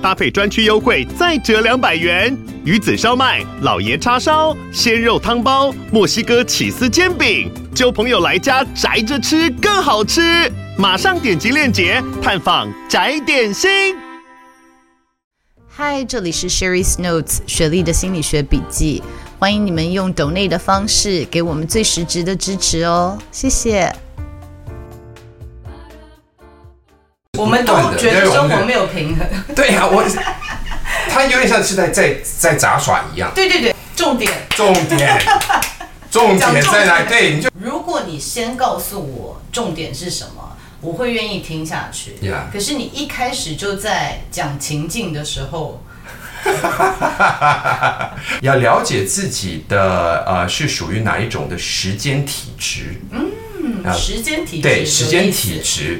搭配專區優惠，再折兩百元。魚子燒麥、老爺叉燒、鮮肉湯包、墨西哥起司煎餅，交朋友來家宅着吃更好吃。馬上點擊鏈接探訪宅點心。嗨，這裡是 Sherry's Notes 雪力的心理學筆記，歡迎你們用 Donate 的方式給我們最實質的支持哦，謝謝。我們都覺得生活沒有平衡。對呀，我、， 啊、我他有點像是，在在在雜耍一樣。對對對，重點。重點。重點在哪？對，對，你就如果你先告訴我重點是什麼，我會願意聽下去。對呀，Yeah. 可是你一開始就在講情境的時候。 要了解自己的呃是屬於哪一種的時間體質。嗯，時間體質。對，時間體質。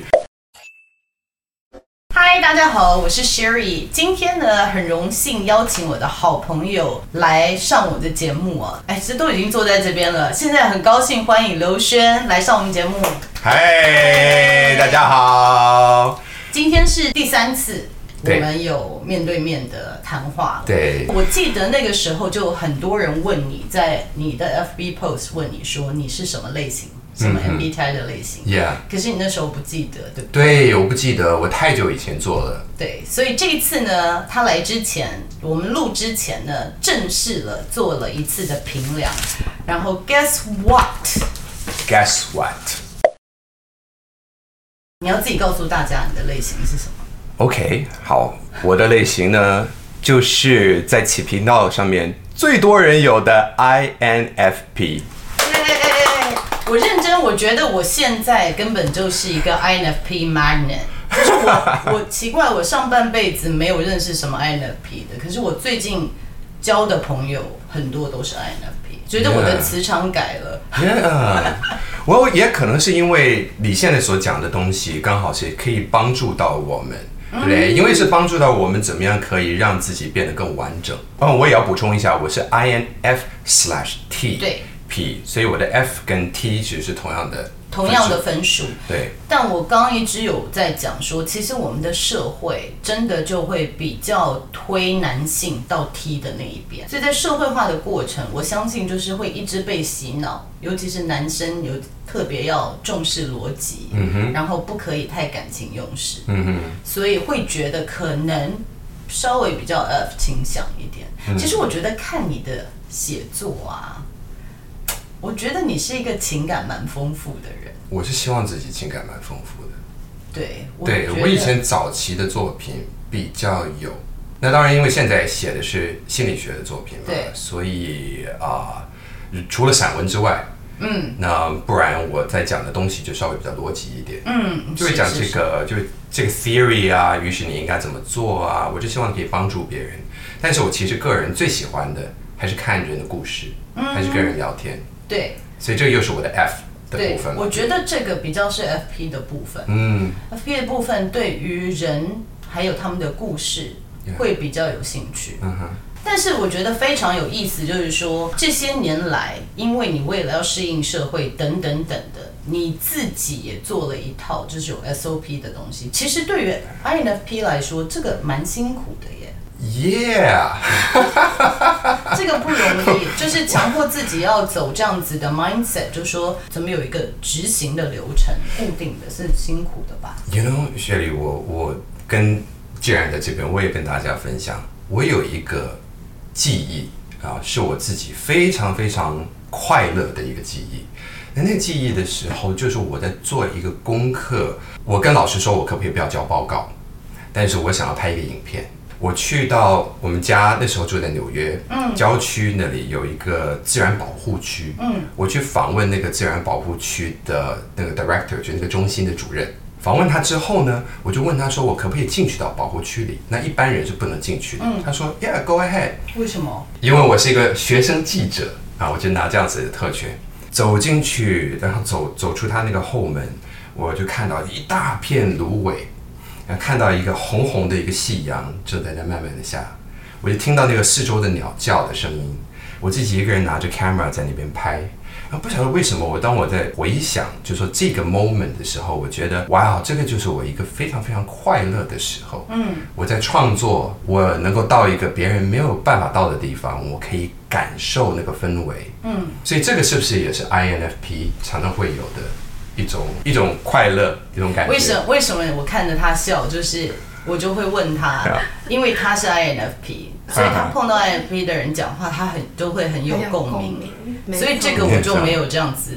嗨，Hi, 大家好，我是 Sherry。今天呢，很榮幸邀請我的好朋友來上我的節目啊！哎，其實都已經坐在這邊了，現在很高興歡迎劉軒來上我們節目。嗨，Hey, Hey. 大家好。今天是第三次我們有面對面的談話了。對。對，我記得那個時候就很多人問你在你的 FB post 問你說你是什麼類型的。什麼 MBTI 的類型，嗯嗯，可是你那時候不記得，對不對？對，我不記得，我太久以前做了。對，所以這一次呢，他來之前，我們錄之前呢，正式了做了一次的評量。然後 Guess what? Guess what？Guess what？你要自己告訴大家你的類型是什麼？OK，好，我的類型呢， 就是在起頻道上面最多人有的 INFP。我認真我覺得我現在根本就是一個 INFP Magnet 我我奇怪我上半輩子沒有認識什麼 INFP 的可是我最近交的朋友很多都是 INFP 覺得我的磁場改了嗯，我也、yeah. yeah. well, yeah, 可能是因為你現在所講的東西剛好是可以幫助到我們對因為是幫助到我們怎麼樣可以讓自己變得更完整嗯，我也要補充一下我是 INF slash T 對所以我的 F 跟 T 其實是同樣的，同樣的分數。對，但我剛剛一直有在講說，其實我們的社會真的就會比較推男性到 T 的那一邊，所以在社會化的過程，我相信就是會一直被洗腦，尤其是男生有特別要重視邏輯，嗯哼，然後不可以太感情用事，嗯哼，所以會覺得可能稍微比較 F 傾向一點。嗯哼，其實我覺得看你的寫作啊。我覺得你是一個情感蠻豐富的人。我是希望自己情感蠻豐富的。對，我對我以前早期的作品比較有，那當然因為現在寫的是心理學的作品嘛，對所以啊、呃，除了散文之外，嗯，那不然我在講的東西就稍微比較邏輯一點，嗯，就是講這個是是是就是這個 theory 啊，於是你應該怎麼做啊？我就希望可以幫助別人。但是我其實個人最喜歡的還是看人的故事，嗯、還是跟人聊天。對，所以這個又是我的 F 的部分。對，對。我覺得這個比較是 FP 的部分。嗯，FP 的部分對於人還有他們的故事會比較有興趣。嗯哼。Yeah. Uh-huh. 但是我覺得非常有意思，就是說，這些年來，因為你為了要適應社會等等等等的，你自己也做了一套就是有 SOP 的東西。其實對於 INFP 來說，這個蠻辛苦的。Yeah， 這個不容易， 就是強迫自己要走這樣子的 mindset， 就說怎麼有一個執行的流程，固定的是辛苦的吧。You know，雪力，我我跟既然、er、在這邊，我也跟大家分享，我有一個記憶啊，是我自己非常非常快樂的一個記憶。那個、記憶的時候，就是我在做一個功課，我跟老師說，我可不可以不要交報告，但是我想要拍一個影片。我去到我們家那時候住在紐約，嗯，郊區那裡有一個自然保護區。嗯，我去訪問那個自然保護區的那個 director，就是那個中心的主任。訪問他之後呢，我就問他說：“我可不可以進去到保護區裡？”那一般人是不能進去的。嗯，他說：“Yeah, go ahead。”為什麼？因為我是一個學生記者啊，我就拿這樣子的特權走進去，然後走走出他那個後門，我就看到一大片蘆葦。然後看到一個紅紅的一個夕陽正在那慢慢的下，我就聽到那個四周的鳥叫的聲音。我自己一個人拿着 camera 在那邊拍，然後不曉得為什麼，我當我在回想就是說這個 moment 的時候，我覺得哇哦，這個就是我一個非常非常快樂的時候。嗯，我在創作，我能夠到一個別人沒有辦法到的地方，我可以感受那個氛圍。嗯，所以這個是不是也是 INFP 常常會有的？一種一種快樂，一種感覺。為什麼為什麼我看着他笑，就是我就會問他，Yeah. 因為他是 INFP， 所以他碰到 INFP 的人講話， 他很都會很有共鳴，所以這個我就沒有這樣子。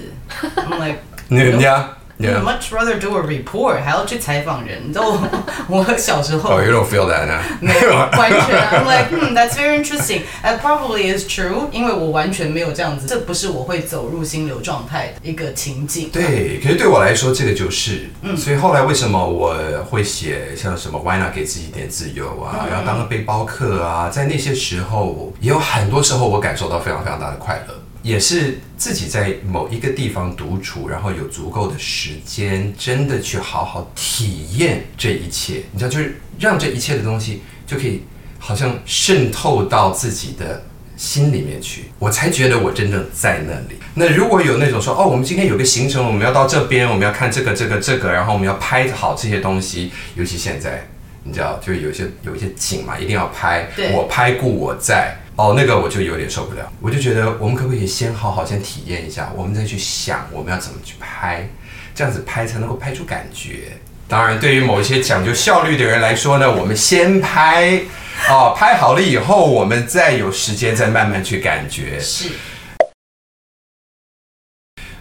人家、 like,。 yeah much rather do a report，還要去採訪人都， 我小時候哦、oh, you don't feel that now 沒有完全、啊、，I'm like,、hmm, that's very interesting, that probably is true，因為我完全沒有這樣子，這不是我會走入心流狀態的一個情景、啊。對，可是對我來說，這個就是，嗯、所以後來為什麼我會寫像什麼，why not 給自己點自由啊，然後、嗯嗯、當個背包客啊，在那些時候，也有很多時候我感受到非常非常大的快樂。也是自己在某一個地方獨處，然後有足夠的時間，真的去好好體驗這一切。你知道，就是讓這一切的東西，就可以好像滲透到自己的心裡面去。我才覺得我真正在那裡。那如果有那種說，哦，我們今天有個行程，我們要到這邊，我們要看這個、這個、這個，然後我們要拍好這些東西。尤其現在，你知道，就有些有一些景嘛，一定要拍。對我拍故我在。哦，那個我就有點受不了，我就覺得我們可不可以先好好先體驗一下，我們再去想我們要怎麼去拍，這樣子拍才能夠拍出感覺。當然，對於某一些講究效率的人來說呢，我們先拍，哦，拍好了以後，我們再有時間再慢慢去感覺。是。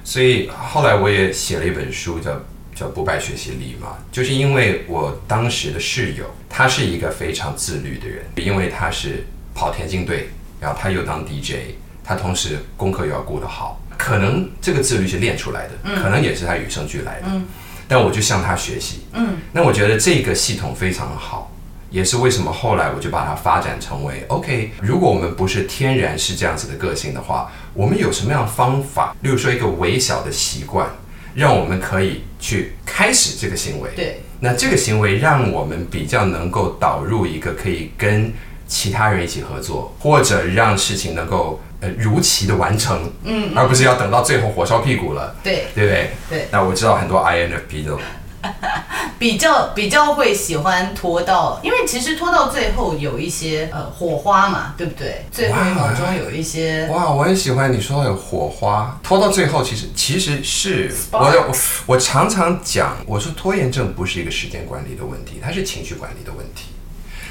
所以後來我也寫了一本書叫，叫叫不敗學習力嘛，就是因為我當時的室友，他是一個非常自律的人，因為他是。跑田徑隊，然後他又當 DJ，他同時功課又要顧得好，可能這個自律是練出來的，嗯，可能也是他與生俱來的，嗯，但我就向他學習，嗯，那我覺得這個系統非常好，也是為什麼後來我就把它發展成為 OK。如果我們不是天然是這樣子的個性的話，我們有什麼樣的方法？例如說一個微小的習慣，讓我們可以去開始這個行為，對，那這個行為讓我們比較能夠導入一個可以跟，其他人一起合作，或者讓事情能夠呃如期的完成，嗯，而不是要等到最後火燒屁股了，對，對不對？對。那我知道很多 INFP 都比較比較會喜歡拖到，因為其實拖到最後有一些呃火花嘛，對不對？哇，最後好像有一些哇，我很喜歡你說的火花，拖到最後其實其實是 Sparks。我我我常常講，我說拖延症不是一個時間管理的問題，它是情緒管理的問題。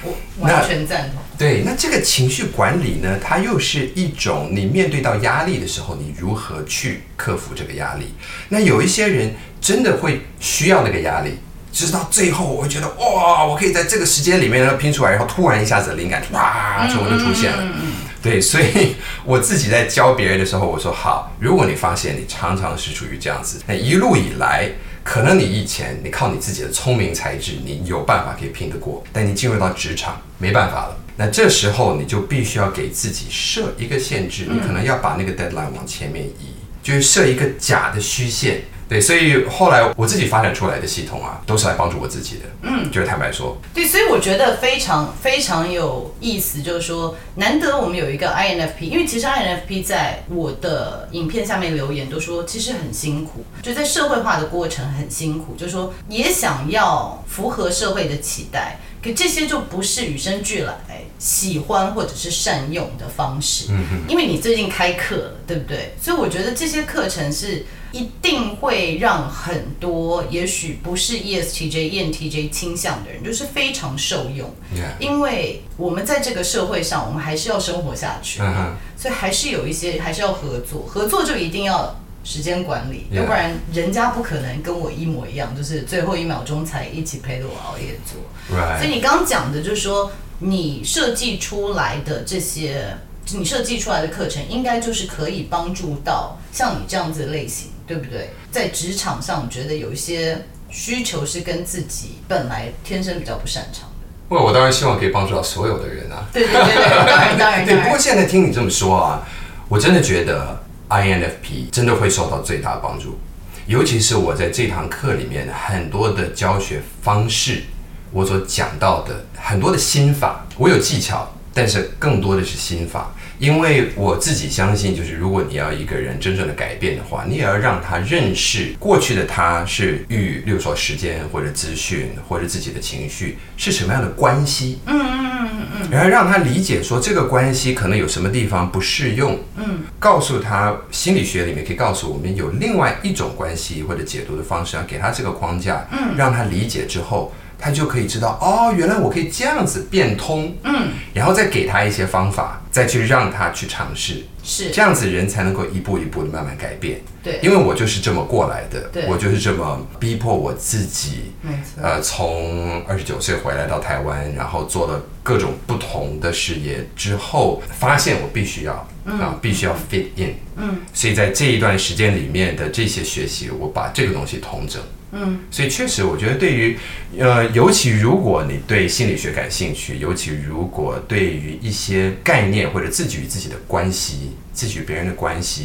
我完全贊同。對，那這個情緒管理呢，它又是一種你面對到壓力的時候，你如何去克服這個壓力？那有一些人真的會需要那個壓力，直到最後我會覺得哇，我可以在這個時間裡面然後拼出來，然後突然一下子靈感哇，全部就出現了。嗯嗯嗯。對，所以我自己在教別人的時候，我說好，如果你發現你常常是處於這樣子，那一路以來。可能你以前你靠你自己的聰明才智，你有辦法可以拼得過，但你進入到職場沒辦法了。那這時候你就必須要給自己設一個限制，你可能要把那個 deadline 往前面移，就是設一個假的虛線。對，所以後來我自己發展出來的系統啊，都是來幫助我自己的。嗯，就是坦白說。對，所以我覺得非常非常有意思，就是說，難得我們有一個 INFP，因為其實 INFP 在我的影片下面留言都說，其實很辛苦，就在社會化的過程很辛苦，就是說也想要符合社會的期待，可這些就不是與生俱來喜歡或者是善用的方式。嗯嗯哼。因為你最近開課了，對不對？所以我覺得這些課程是。一定會讓很多也許不是 E S T J、E N T J 傾向的人，就是非常受用。Yeah. 因為我們在這個社會上，我們還是要生活下去，uh huh. 所以還是有一些還是要合作，合作就一定要時間管理，要 Yeah. 不然人家不可能跟我一模一樣，就是最後一秒鐘才一起陪着我熬夜做。Right. 所以你剛講的，就是說你設計出來的這些，你設計出來的課程，應該就是可以幫助到像你這樣子的類型。對不對？在職場上，我覺得有一些需求是跟自己本來天生比較不擅長的。不過，我當然希望可以幫助到所有的人啊。 對對對對，當然當然，當然 對。對，不過現在聽你這麼說啊，我真的覺得 INFP 真的會受到最大幫助。尤其是我在這堂課裡面很多的教學方式，我所講到的很多的心法，我有技巧，但是更多的是心法。因為我自己相信，就是如果你要一個人真正的改變的話，你也要讓他認識過去的他是與，例如說時間或者資訊或者自己的情緒是什麼樣的關係。嗯嗯嗯嗯嗯。嗯嗯，然後讓他理解說這個關係可能有什麼地方不適用。嗯。告訴他心理學裡面可以告訴我們有另外一種關係或者解讀的方式，要給他這個框架。嗯。讓他理解之後。他就可以知道哦，原來我可以這樣子變通，嗯，然後再給他一些方法，再去讓他去嘗試，是這樣子，人才能夠一步一步的慢慢改變。對，因為我就是這麼過來的，對我就是這麼逼迫我自己，對呃，從二十九歲回來到台灣，然後做了各種不同的事業之後，發現我必須要、嗯、啊，必須要 fit in，嗯，所以在這一段時間裡面的這些學習，我把這個東西統整。嗯，所以確實，我覺得對於呃，尤其如果你對心理學感興趣，尤其如果對於一些概念或者自己與自己的關係、自己與別人的關係，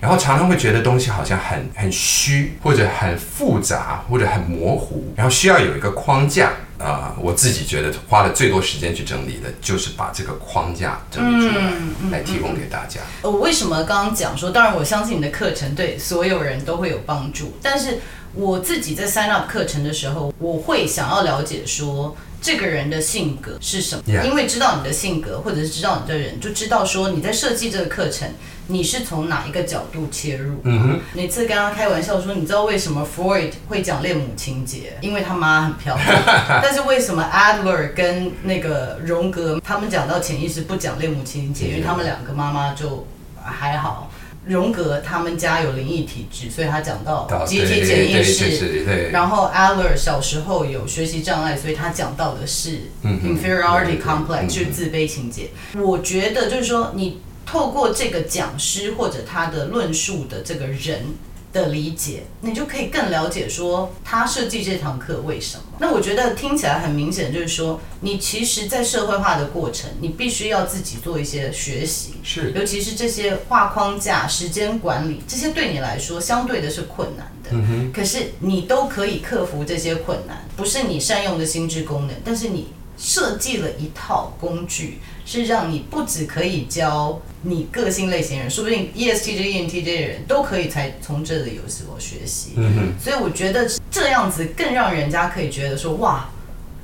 然後常常會覺得東西好像很很虛，或者很複雜，或者很模糊，然後需要有一個框架啊、呃，我自己覺得花了最多時間去整理的，就是把這個框架整理出來，嗯嗯嗯、來提供給大家。我、哦、為什麼剛剛講說，當然我相信你的課程對所有人都會有幫助，但是。我自己在 sign up 課程的時候，我會想要了解說這個人的性格是什麼？Yeah. 因為知道你的性格，或者是知道你的人，就知道說你在設計這個課程，你是從哪一個角度切入。嗯哼、mm，hmm. 每次跟他開玩笑說，你知道為什麼 Freud 會講戀母情節？因為他媽很漂亮。 但是為什麼 Adler 跟那個榮格他們講到潛意識不講戀母情節，mm hmm. 因為他們兩個媽媽就還好。榮格他們家有靈異體質，所以他講到集體潛意識。然後艾勒小時候有學習障礙，所以他講到的是 inferiority complex，就是自卑情結。我覺得就是說，你透過這個講師或者他的論述的這個人。的理解，你就可以更了解說他設計這堂課為什麼。那我覺得聽起來很明顯，就是說你其實，在社會化的過程，你必須要自己做一些學習，是，尤其是這些畫框架、時間管理，這些對你來說相對的是困難的。嗯哼，可是你都可以克服這些困難，不是你善用的心智功能，但是你設計了一套工具。是讓你不止可以教你個性類型人，說不定 ESTJ、ENTJ 的人都可以才從這個遊戲所學習，mm hmm. 所以我覺得這樣子更讓人家可以覺得說，哇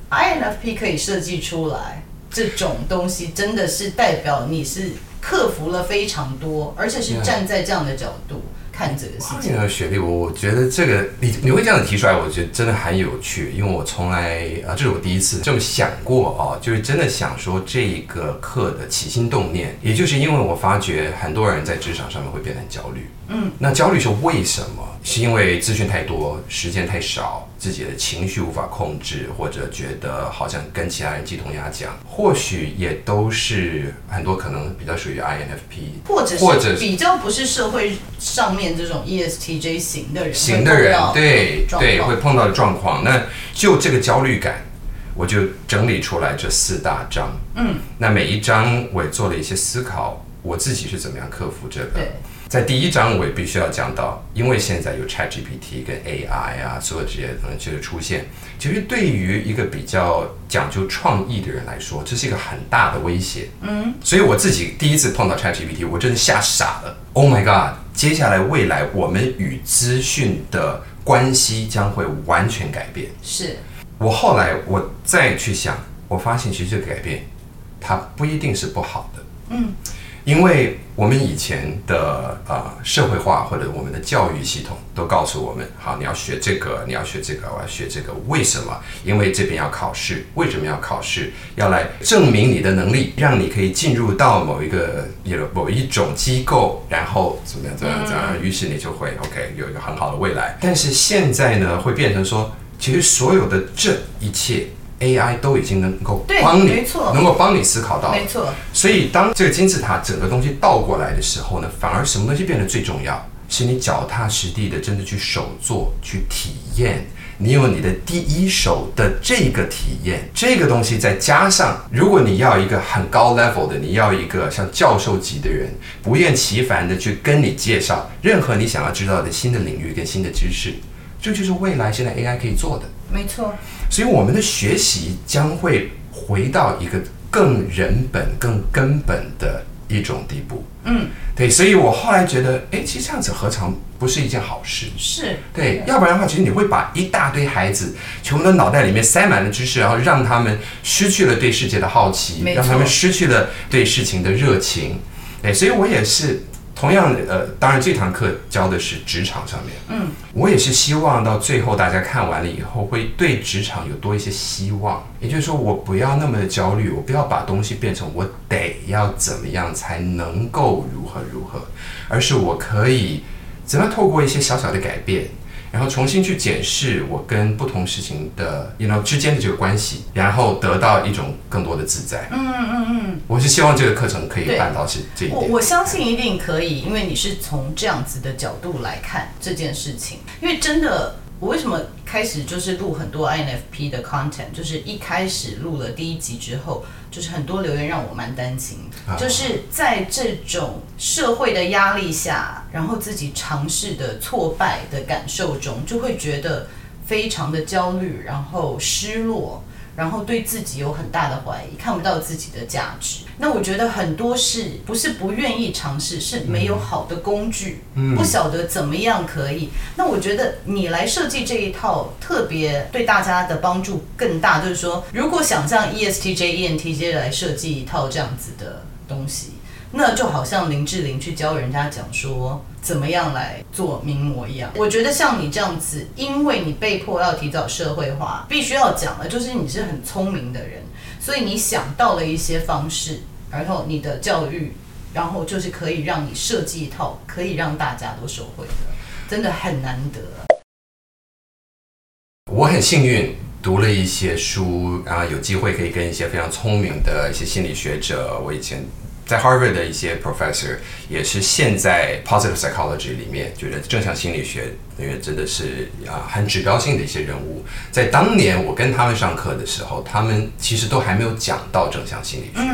，INFP 可以設計出來這種東西，真的是代表你是克服了非常多，而且是站在這樣的角度。Yeah. 看這個雪力，我我覺得這個你你會這樣子提出來，我覺得真的很有趣，因為我從來啊，這是我第一次這麼想過啊，就是真的想說這個課的起心動念，也就是因為我發覺很多人在職場上面會變得很焦慮，嗯，那焦慮是為什麼？是因為資訊太多，時間太少。自己的情緒無法控制，或者覺得好像跟其他人雞同鴨講，或許也都是很多可能比較屬於 INFP，或者或者比較不是社會上面這種 ESTJ 型的人，型的人，對，對，會碰到的狀況。那就這個焦慮感，我就整理出來這四大章，嗯，那每一章我也做了一些思考，我自己是怎麼樣克服這個。對在第一章我也必須要講到，因為現在有 ChatGPT 跟 AI 啊，所有這些東西的出現，其實對於一個比較講究創意的人來說，這是一個很大的威脅。嗯，所以我自己第一次碰到 ChatGPT，我真的嚇傻了。Oh my god！接下來未來我們與資訊的關係將會完全改變。是。我後來我再去想，我發現其實這個改變，它不一定是不好的。嗯。因為我們以前的啊、呃，社會化或者我們的教育系統都告訴我們，好，你要學這個，你要學這個，我要學這個，為什麼？因為這邊要考試，為什麼要考試？要來證明你的能力，讓你可以進入到某一個有某一種機構，然後怎麼樣怎麼樣怎麼樣。嗯嗯，於是你就會 OK 有一個很好的未來。但是現在呢，會變成說，其實所有的這一切。AI 都已經能夠幫你，能夠幫你思考到。沒錯。所以當這個金字塔整個東西倒過來的時候呢，反而什麼東西變得最重要？是你腳踏實地的，真的去手做、去體驗。你有你的第一手的這個體驗，這個東西再加上，如果你要一個很高 level 的，你要一個像教授級的人，不厭其煩的去跟你介紹任何你想要知道的新的領域跟新的知識，這就是未來現在 AI 可以做的。沒錯。所以我們的學習將會回到一個更人本、更根本的一種地步。嗯，對，所以我後來覺得，誒，其實這樣子何嘗不是一件好事？是對，要不然的話，其實你會把一大堆孩子全部的腦袋裡面塞滿了知識，然後讓他們失去了對世界的好奇，沒錯 讓他們失去了對事情的熱情。對，所以我也是。同樣，呃，當然，這堂課教的是職場上面。嗯，我也是希望到最後大家看完了以後，會對職場有多一些希望。也就是說，我不要那麼的焦慮，我不要把東西變成我得要怎麼樣才能夠如何如何，而是我可以怎麼透過一些小小的改變。然後重新去檢視我跟不同事情的，you know，之間的這個關係，然後得到一種更多的自在。嗯嗯嗯嗯，嗯嗯，我是希望這個課程可以辦到這對這一點。我我相信一定可以，嗯、因為你是從這樣子的角度來看這件事情。因為真的，我為什麼開始就是錄很多 INFP 的 content，就是一開始錄了第一集之後。就是很多留言讓我蠻擔心，啊、就是在這種社會的壓力下，然後自己嘗試的挫敗的感受中，就會覺得非常的焦慮，然後失落。然後對自己有很大的懷疑，看不到自己的價值。那我覺得很多事不是不願意嘗試，是沒有好的工具，嗯、不曉得怎麼樣可以。嗯、那我覺得你來設計這一套，特別對大家的幫助更大。就是說，如果想像 ESTJ、ENTJ 來設計一套這樣子的東西，那就好像林志玲去教人家講說。怎麼樣來做名模一樣？我覺得像你這樣子，因為你被迫要提早社會化，必須要講的就是你是很聰明的人，所以你想到了一些方式，然後你的教育，然後就是可以讓你設計一套可以讓大家都受惠的，真的很難得。我很幸運讀了一些書，然、啊、後有機會可以跟一些非常聰明的一些心理學者，我以前。在 Harvard 的一些 Professor 也是現在 Positive Psychology 裡面，覺得正向心理學因為真的是啊很指標性的一些人物。在當年我跟他們上課的時候，他們其實都還沒有講到正向心理學。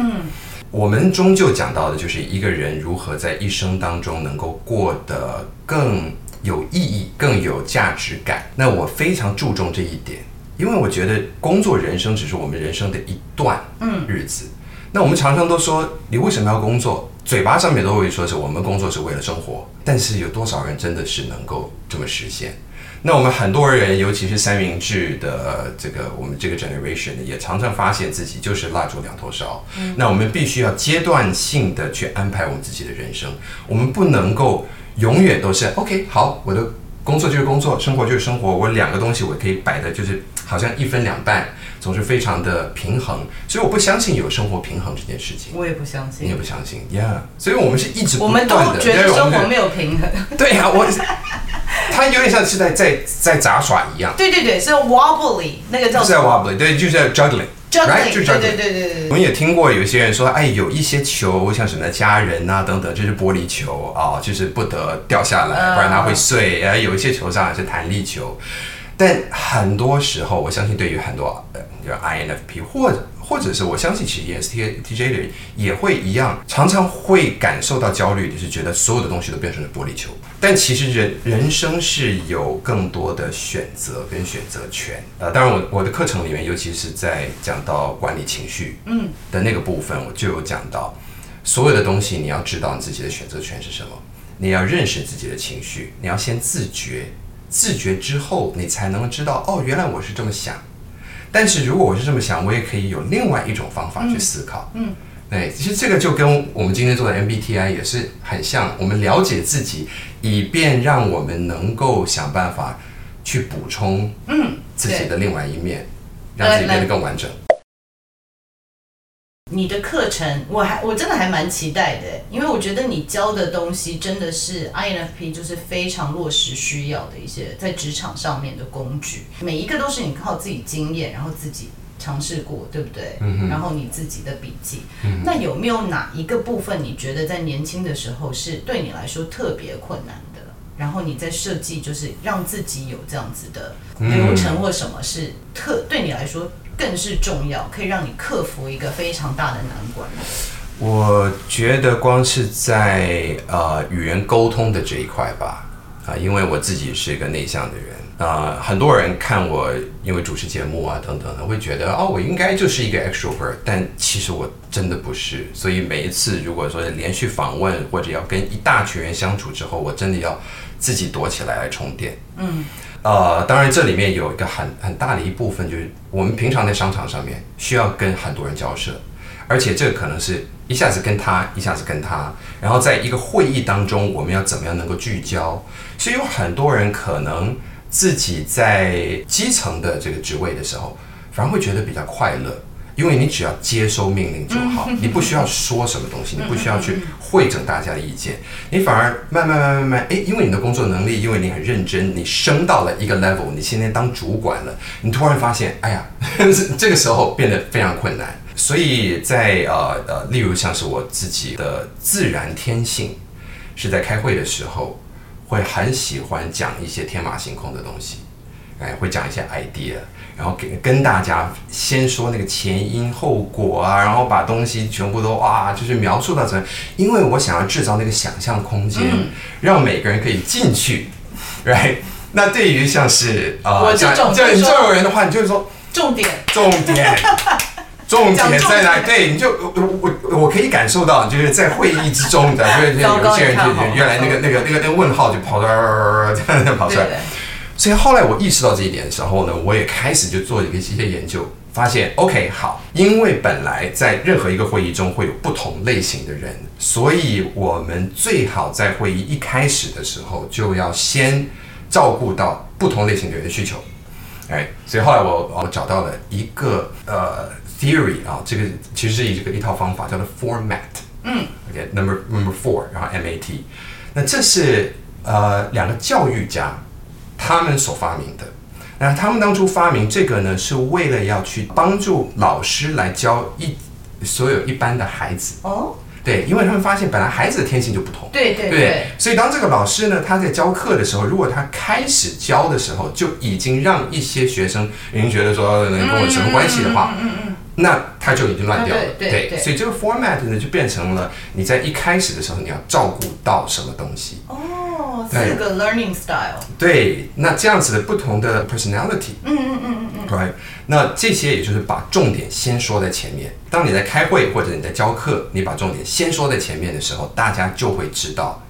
我們終究講到的就是一個人如何在一生當中能夠過得更有意義、更有價值感。那我非常注重這一點，因為我覺得工作人生只是我們人生的一段日子。那我們常常都說，你為什麼要工作？嘴巴上面都會說是我們工作是為了生活，但是有多少人真的是能夠這麼實現？那我們很多人，尤其是三明治的這個我們這個 generation 也常常發現自己就是蠟燭兩頭燒。那我們必須要階段性的去安排我們自己的人生，我們不能夠永遠都是 OK 好，我的工作就是工作，生活就是生活，我兩個東西我可以擺的就是好像一分兩半。總是非常的平衡，所以我不相信有生活平衡這件事情。我也不相信。你也不相信，Yeah。Yeah 所以，我們是一直不我們都覺得生活沒有平衡。 對呀、啊，我，他有點像是在在在,在雜耍一樣。 對對對，是 wobbly 那個叫。是 wobbly，對，就叫 juggling。juggling，、right、就 juggling，對對對對對,對。我們也聽過有些人說，哎，有一些球像什麼家人啊等等，就是玻璃球啊、哦，就是不得掉下來，不然它會碎。後有一些球上是彈力球。但很多時候，我相信對於很多、呃、就 INFP，或者或者是我相信其實也 ESTJ 的人也會一樣，常常會感受到焦慮，就是覺得所有的東西都變成了玻璃球。但其實人人生是有更多的選擇跟選擇權啊、呃。當然我，我我的課程裡面，尤其是在講到管理情緒嗯的那個部分，嗯、我就有講到，所有的東西你要知道你自己的選擇權是什麼，你要認識自己的情緒，你要先自覺。自覺之後，你才能知道哦，原來我是這麼想。但是如果我是這麼想，我也可以有另外一種方法去思考。嗯，嗯對，其實這個就跟我們今天做的 MBTI 也是很像。我們了解自己，以便讓我們能夠想辦法去補充嗯自己的另外一面，嗯、讓自己變得更完整。你的課程，我還我真的還蠻期待的，因為我覺得你教的東西真的是 INFP 就是非常落實需要的一些在職場上面的工具，每一個都是你靠自己經驗，然後自己嘗試過，對不對？嗯哼，然後你自己的筆記，嗯哼，那有沒有哪一個部分你覺得在年輕的時候是對你來說特別困難的？然後你在設計就是讓自己有這樣子的流程或什麼，是特、嗯哼，對你來說，更是重要，可以讓你克服一個非常大的難關。我覺得光是在呃語言溝通的這一塊吧，啊、呃，因為我自己是一個內向的人啊、呃，很多人看我因為主持節目啊等等的，會覺得哦，我應該就是一個 extrovert，但其實我真的不是。所以每一次如果說連續訪問或者要跟一大群人相處之後，我真的要自己躲起來，來充電。嗯。呃，當然，這裡面有一個很很大的一部分，就是我們平常在商場上面需要跟很多人交涉，而且這可能是一下子跟他，一下子跟他，然後在一個會議當中，我們要怎麼樣能夠聚焦？所以有很多人可能自己在基層的這個職位的時候，反而會覺得比較快樂。因為你只要接收命令就好，你不需要說什麼東西，你不需要去彙整大家的意見，你反而慢慢慢慢慢，哎，因為你的工作能力，因為你很認真，你升到了一個 level，你現在當主管了，你突然發現，哎呀，這、這個時候變得非常困難。所以在呃呃，例如像是我自己的自然天性，是在開會的時候，會很喜歡講一些天馬行空的東西，哎，會講一些 idea。然後給跟大家先說那個前因後果啊，然後把東西全部都啊，就是描述到這，因為我想要制造那個想象空間，讓每個人可以進去，right？那對於像是啊，我這這你這有人的話，你就是說重點，重點，重點在哪？對，你就我我可以感受到，就是在會議之中的，因為有些人原來那個那個那個那個問號就跑出來，跑出來。所以後來我意識到這一點的時候呢，我也開始就做了一個一些研究，發現 OK 好，因為本來在任何一個會議中會有不同類型的人，所以我們最好在會議一開始的時候就要先照顧到不同類型的人的需求。哎，okay，所以後來我我找到了一個呃 theory 啊，這個其實是一個一套方法，叫做 format。嗯。OK，number，okay，number four，然後 MAT，那這是呃兩個教育家。他們所發明的，那他們當初發明這個呢，是為了要去幫助老師來教一所有一般的孩子哦，對，因為他們發現本來孩子的天性就不同，對對對，對，所以當這個老師呢，他在教課的時候，如果他開始教的時候就已經讓一些學生已經覺得說跟我什麼關係的話，嗯嗯，嗯嗯嗯，那他就已經亂掉了，哦、對對，對，對，所以這個 format 呢就變成了你在一開始的時候，你要照顧到什麼東西哦。四個、oh, learning style，對，那這樣子的不同的 personality，嗯嗯嗯嗯嗯，right，那這些也就是把重點先說在前面。當你在開會或者你在教課，你把重點先說在前面的時候，大家就會知道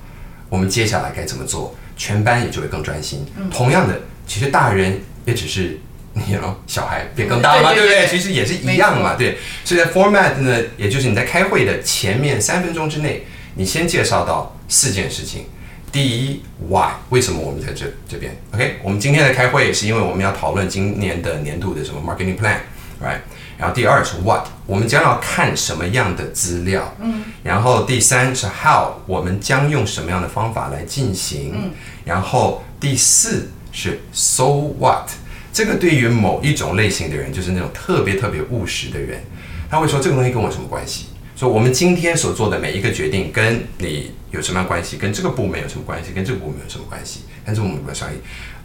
我們接下來該怎麼做，全班也就會更專心。Mm hmm. 同樣的，其實大人也只是你呢，you know, 小孩變更大了嘛，mm hmm. 對不對？其實也是一樣嘛，沒錯。對。所以在 format 呢，也就是你在開會的前面三分鐘之內，你先介紹到四件事情。第一，why 為什麼我們在這這邊？OK，我們今天的開會是因為我們要討論今年的年度的什麼 marketing plan，right？然後第二是 what，我們將要看什麼樣的資料？嗯，然後第三是 how，我們將用什麼樣的方法來進行？嗯，然後第四是 so what，這個對於某一種類型的人，就是那種特別特別務實的人，他會說這個東西跟我什麼關係？我們今天所做的每一個決定跟，跟你有什麼關係？跟這個部門有什麼關係？跟這個部門有什麼關係？跟這個部門商議。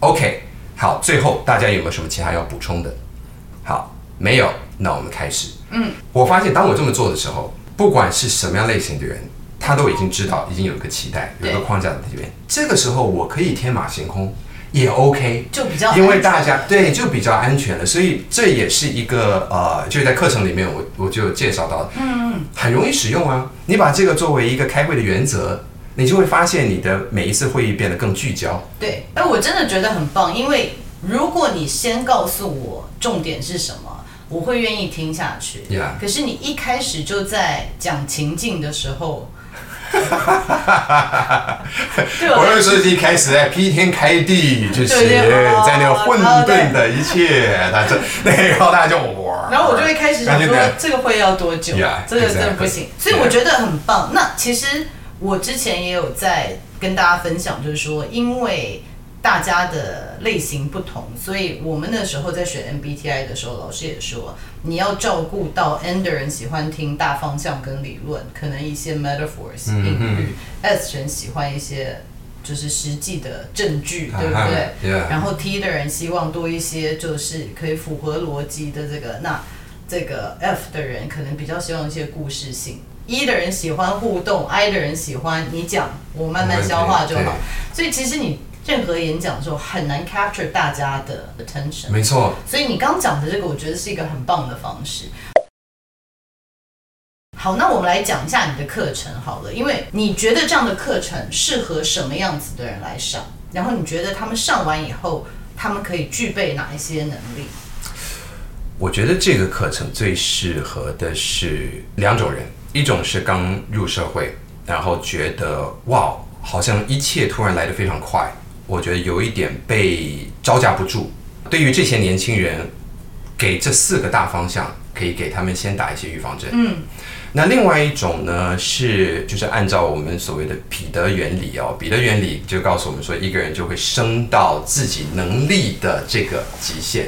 OK，好，最後大家有沒有什麼其他要補充的？好，沒有，那我們開始。嗯，我發現當我這麼做的時候，不管是什麼樣類型的人，他都已經知道，已經有一個期待，有一個框架在這邊。對這個時候，我可以天馬行空。也 OK，就比較，因為大家對就比較安全了，所以這也是一個呃，就在課程裡面我我就介紹到，嗯嗯，很容易使用啊。你把這個作為一個開會的原則，你就會發現你的每一次會議變得更聚焦。對，哎，我真的覺得很棒，因為如果你先告訴我重點是什麼，我會願意聽下去。對 Yeah. 可是你一開始就在講情境的時候。哈哈哈哈哈！哈哈， 我就是一開始在劈天開地就是在那混沌的一切，大家 對，然後大家叫我玩兒，然後我就開始想說，這個會要多久？ 這個真的不行，所以我覺得很棒。 那其實我之前也有在跟大家分享，就是說，因為。大家的類型不同，所以我們那時候在選 MBTI 的時候，老師也說，你要照顧到 N 的人喜歡聽大方向跟理論，可能一些 metaphors 隱喻、嗯哼，S 人喜歡一些就是實際的證據，對不對？Uh huh, yeah. 然後 T 的人希望多一些就是可以符合邏輯的這個，那這個 F 的人可能比較希望一些故事性；E 的人喜歡互動，I 的人喜歡你講，我慢慢消化就好。所以其實你。任何演講的時候很難 capture 大家的 attention，沒錯。所以你剛講的這個，我覺得是一個很棒的方式。好，那我們來講一下你的課程好了，因為你覺得這樣的課程適合什麼樣子的人來上？然後你覺得他們上完以後，他們可以具備哪一些能力？我覺得這個課程最適合的是兩種人，一種是剛入社會，然後覺得哇，好像一切突然來得非常快。我覺得有一點被招架不住。對於這些年輕人，給這四個大方向，可以給他們先打一些預防針。嗯，那另外一種呢，是就是按照我們所謂的彼得原理哦，彼得原理就告訴我們說，一個人就會升到自己能力的這個極限。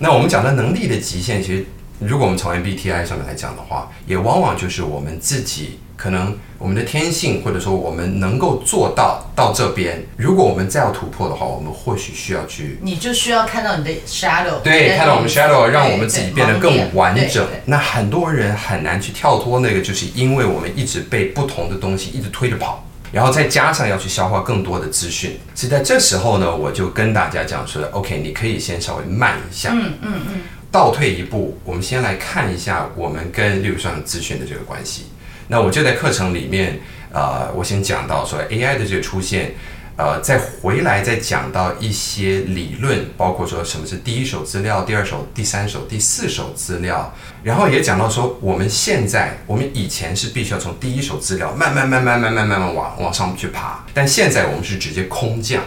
那我們講的能力的極限，其實。如果我們從 MBTI 上面來講的話，也往往就是我們自己可能我們的天性，或者說我們能夠做到到這邊。如果我們再要突破的話，我們或許需要去。你就需要看到你的 shadow。對，看到我們 shadow，讓我們自己變得更完整。那很多人很難去跳脫那個，就是因為我們一直被不同的東西一直推着跑，然後再加上要去消化更多的資訊。所以在這時候呢，我就跟大家講說，OK，你可以先稍微慢一下。嗯嗯嗯。嗯嗯倒退一步，我們先來看一下我們跟網路上資訊的這個關係。那我就在課程裡面，呃，我先講到說 AI 的這個出現，呃，再回來再講到一些理論，包括說什麼是第一手資料、第二手、第三手、第四手資料，然後也講到說我們現在、我們以前是必須要從第一手資料慢慢、慢慢、慢慢、慢慢往往上去爬，但現在我們是直接空降，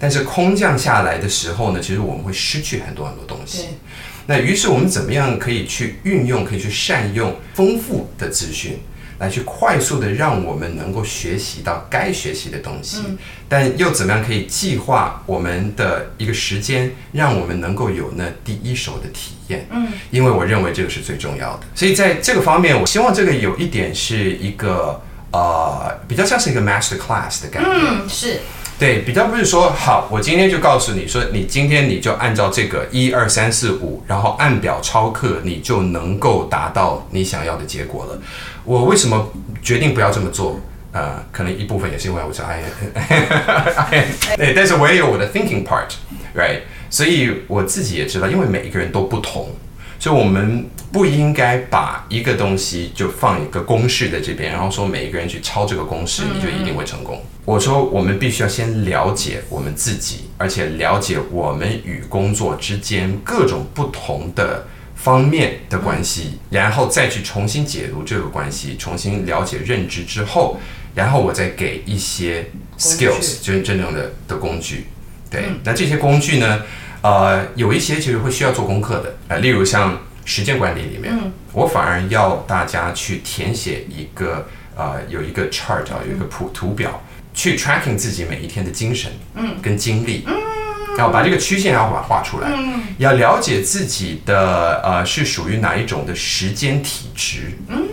但是空降下來的時候呢，其實我們會失去很多很多東西。那於是我們怎麼樣可以去運用，可以去善用豐富的資訊，來去快速的讓我們能夠學習到該學習的東西，嗯、但又怎麼樣可以計劃我們的一個時間，讓我們能夠有那第一手的體驗？嗯，因為我認為這個是最重要的。所以在這個方面，我希望這個有一點是一個呃，比較像是一個 master class 的概念。嗯，是。對，比較不是說，好，我今天就告訴你說，你今天你就按照這個一二三四五，1, 2, 3, 4, 5, 然後按表操課，你就能夠達到你想要的結果了。我為什麼決定不要這麼做？呃，可能一部分也是因為我說，哎，哎，對，但是我也有我的 thinking part，right？所以我自己也知道，因為每一個人都不同。所以我們不應該把一個東西就放一個公式在這邊，然後說每一個人去抄這個公式，你、嗯嗯、就一定會成功。我說，我們必須要先了解我們自己，而且了解我們與工作之間各種不同的方面的關係，嗯、然後再去重新解讀這個關係，重新了解認知之後，然後我再給一些 skills，工具，就是真正的的工具。對，嗯、那這些工具呢？呃，有一些其實會需要做功課的，呃，例如像時間管理裡面，嗯、我反而要大家去填寫一個呃，有一個 chart、呃、有一個普圖表，嗯、去 tracking 自己每一天的精神，嗯，跟精力，嗯，然後把這個曲線要把它畫出來，嗯，要了解自己的呃是屬於哪一種的時間體質，嗯，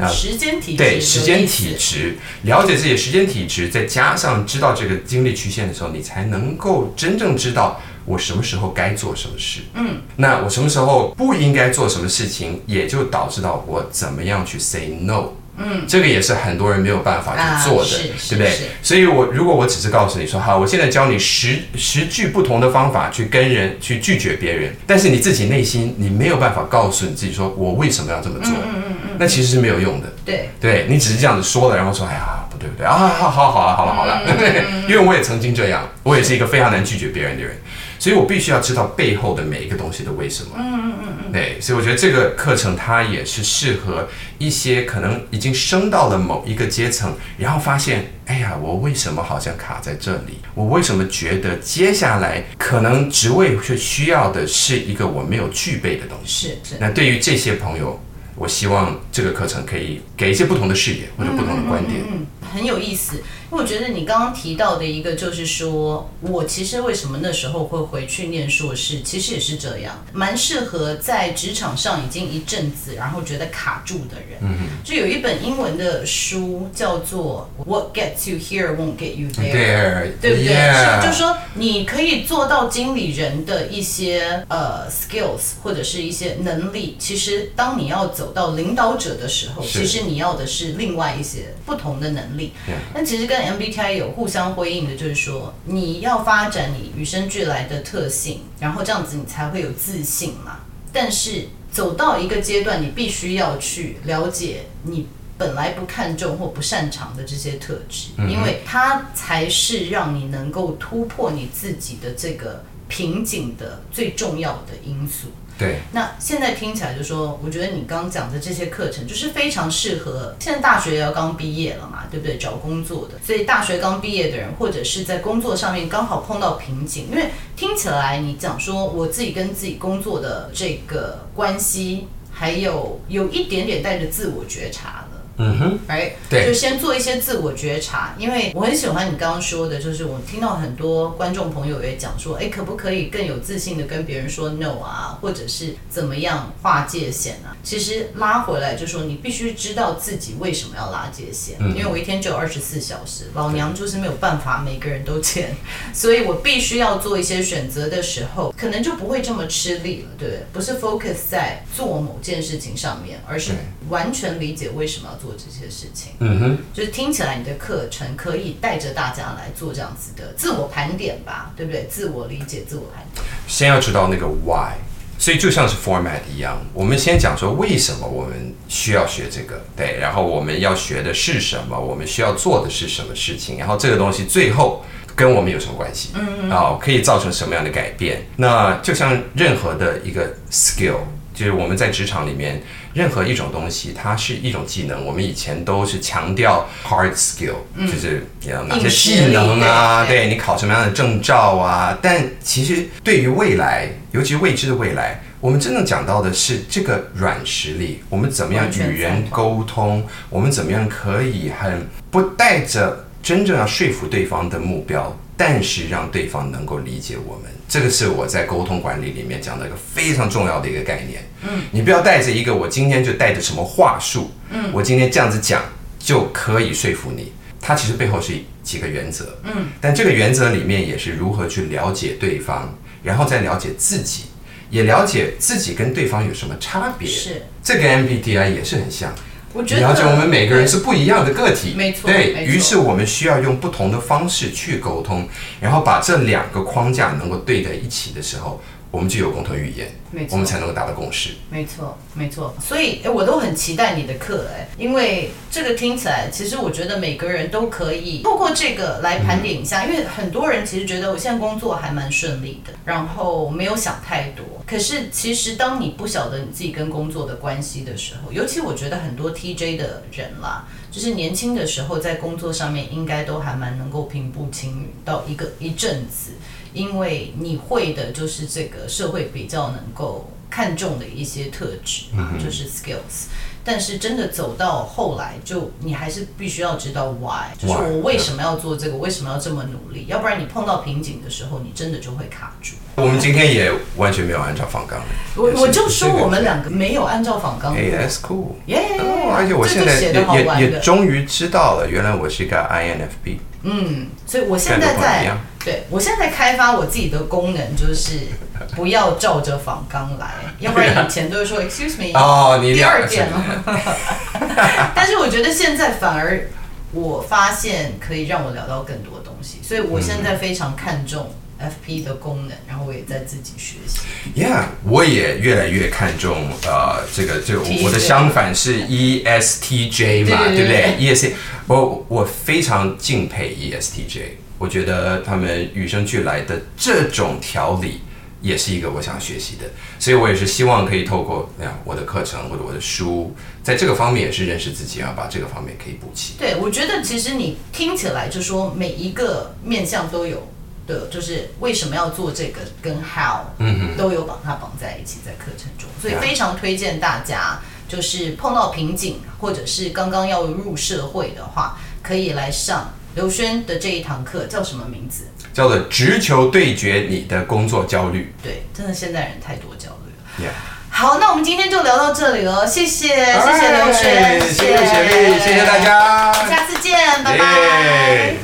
後時間體質，對，時間體質，了解自己的時間體質，再加上知道這個精力曲線的時候，你才能夠真正知道。我什麼時候該做什麼事？嗯，那我什麼時候不應該做什麼事情，也就導致到我怎麼樣去 say no。嗯，這個也是很多人沒有辦法去做的，啊、對不對？所以我如果我只是告訴你說，好，我現在教你十十句不同的方法去跟人去拒絕別人，但是你自己內心你沒有辦法告訴你自己說，我為什麼要這麼做？嗯嗯嗯，那其實是沒有用的。嗯、對，對你只是這樣子說了，然後說，哎呀，不對不對啊，好好好了好了好了，因為我也曾經這樣，是我也是一個非常難拒絕別人的人。所以，我必須要知道背後的每一個東西的為什麼。嗯嗯嗯嗯。對，所以我覺得這個課程它也是適合一些可能已經升到了某一個階層，然後發現，哎呀，我為什麼好像卡在這裡？我為什麼覺得接下來可能職位是需要的是一個我沒有具備的東西？是是。那對於這些朋友，我希望這個課程可以給一些不同的視野或者不同的觀點。嗯，很有意思。我覺得你剛剛提到的一個，就是說我其實為什麼那時候會回去念碩士，其實也是這樣，蠻適合在職場上已經一陣子，然後覺得卡住的人。嗯、Mm-hmm. 就有一本英文的書叫做《What Gets You Here Won't Get You There》，There. 對不對？是，Yeah. 就說你可以做到經理人的一些呃、uh, skills 或者是一些能力，其實當你要走到領導者的時候，是其實你要的是另外一些不同的能力。那 Yeah. 其實跟 MBTI 有互相輝映的，就是說你要發展你與生俱來的特性，然後這樣子你才會有自信嘛。但是走到一個階段，你必須要去了解你本來不看重或不擅長的這些特質，因為它才是讓你能夠突破你自己的這個瓶頸的最重要的因素。對，那現在聽起來就說，我覺得你剛講的這些課程就是非常適合現在大學也要剛畢業了嘛，對不對？找工作的，所以大學剛畢業的人或者是在工作上面剛好碰到瓶頸，因為聽起來你講說，我自己跟自己工作的這個關係，還有有一點點帶着自我覺察。嗯哼，哎，對，就先做一些自我覺察，因為我很喜歡你剛剛說的，就是我聽到很多觀眾朋友也講說，哎，可不可以更有自信的跟別人說 no 啊，或者是怎麼樣劃界限呢、啊？其實拉回來就說，你必須知道自己為什麼要拉界限，uh huh. 因為我一天只有二十四小時，老娘就是沒有辦法每個人都見，對所以我必須要做一些選擇的時候，可能就不會這麼吃力了，對不對？不是 focus 在做某件事情上面，而是、uh。Huh. 完全理解，為什麼要做這些事情，嗯哼，就是聽起來你的課程可以帶着大家來做這樣子的自我盤點吧，對不對？自我理解、自我盤點。先要知道那個 why，所以就像是 format 一樣，我們先講說為什麼我們需要學這個，對，然後我們要學的是什麼，我們需要做的是什麼事情，然後這個東西最後跟我們有什麼關係？嗯嗯，哦，可以造成什麼樣的改變？那就像任何的一個 skill，就是我們在職場裡面。任何一種東西，它是一種技能。我們以前都是強調 hard skill，、嗯、就是你要哪些技能啊？嗯、對你考什麼樣的證照啊？但其實對於未來，尤其未知的未來，我們真正講到的是這個軟實力。我們怎麼樣與人溝通？我們怎麼樣可以很不帶着真正要說服對方的目標？但是讓對方能夠理解我們，這個是我在溝通管理裡面講的一個非常重要的一個概念。嗯，你不要帶着一個我今天就帶着什麼話術，嗯，我今天這樣子講就可以說服你。它其實背後是幾個原則。嗯，但這個原則裡面也是如何去了解對方，然後再了解自己，也了解自己跟對方有什麼差別。是，這個 MBTI 也是很像。你了解我們每個人是不一樣的個體，對，於是，我們需要用不同的方式去溝通，然後把這兩個框架能夠對在一起的時候。我們就有共同語言，沒錯，我們才能夠達到共識。沒錯，沒錯。所以，我都很期待你的課，欸，哎，因為這個聽起來，其實我覺得每個人都可以透過這個來盤點一下。嗯，因為很多人其實覺得我現在工作還蠻順利的，然後沒有想太多。可是，其實當你不曉得你自己跟工作的關係的時候，尤其我覺得很多 TJ 的人啦，就是年輕的時候在工作上面應該都還蠻能夠平步青雲到一個一陣子。因為你會的就是這個社會比較能夠看重的一些特質，就是 skills。但是真的走到後來，就你還是必須要知道 why，就是我為什麼要做這個，為什麼要這麼努力？要不然你碰到瓶頸的時候，你真的就會卡住。我們今天也完全沒有按照訪綱，我我就說我們兩個沒有按照訪綱。哎，that's AS cool。耶，而且我現在也，寫好的也，也終於知道了，原來我是一個 INFP。嗯，所以我現在在，對我現在，在開發我自己的功能，就是不要照着訪綱來，要不然以前都會說 excuse me、oh, 哦，你第二遍了，但是我覺得現在反而我發現可以讓我聊到更多東西，所以我現在非常看重。FP 的功能，然後我也在自己學習。Yeah，我也越來越看重，呃這個這個，就我的相反是 ESTJ 嘛，對不對？EST， 我我非常敬佩 ESTJ，我覺得他們與生俱來的這種條理，也是一個我想學習的。所以我也是希望可以透過哎呀，我的課程或者我的書，在這個方面也是認識自己啊，要把這個方面可以補齊。對，我覺得其實你聽起來就說每一個面向都有。對，就是為什麼要做這個，跟 how、嗯、哼都有把它綁在一起，在課程中，所以非常推薦大家，Yeah. 就是碰到瓶頸，或者是剛剛要入社會的話，可以來上劉軒的這一堂課，叫什麼名字？叫做直球對決你的工作焦慮。對，真的現在人太多焦慮了。Yeah. 好，那我們今天就聊到這裡哦，謝謝，謝謝劉軒，哎、謝謝雪力、謝謝大家，下次見，Yeah. 拜拜。Yeah.